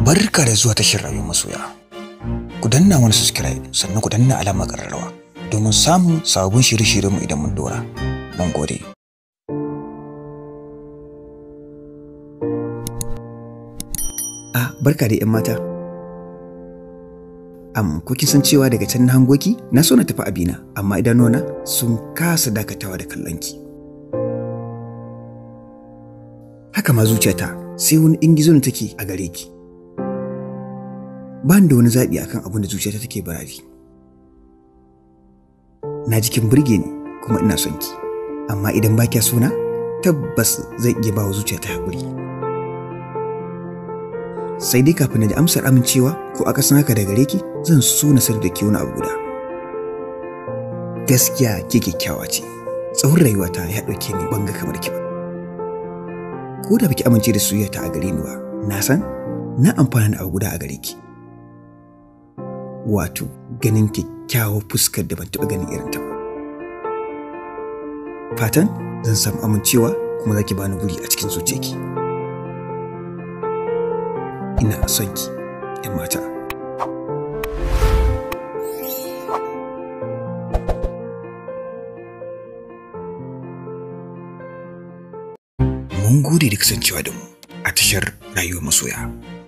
barka da zuwa tashar rayuwar masoya ku danna wani subscribe sannan ku danna alamar kararrawa domin samun sabon shirye-shiryenmu idan mun dora mun gode a ah, barka da yan mata am ko kin san cewa daga can na hangoki na so na tafi abina amma idanuna sun kasa dakatawa da kallonki haka ma zuciyata sai wani ingizo take a gare ki ba da wani zaɓi akan abin da zuciyata take barari na jikin burge ni kuma ina son ki amma idan ba kya suna tabbas zai iya ba wa zuciyata hakuri. sai dai kafin na ji amsar amincewa ko aka san haka da gare ki zan so na sar da ke wani abu guda gaskiya ke kyakkyawa ce tsawon rayuwata ya ɗauke ni banga kamar ki ba ko da baki amince da soyayya ta a gare ni ba na san na amfana da abu guda a gare ki wato ganin kyakkyawar fuskar da ban taɓa ganin irin ta ba fatan zan samu amincewa kuma zaki bani guri a cikin zuciyarki ina son ki 'yan mata mun gode da kasancewa da mu a tashar rayuwar masoya.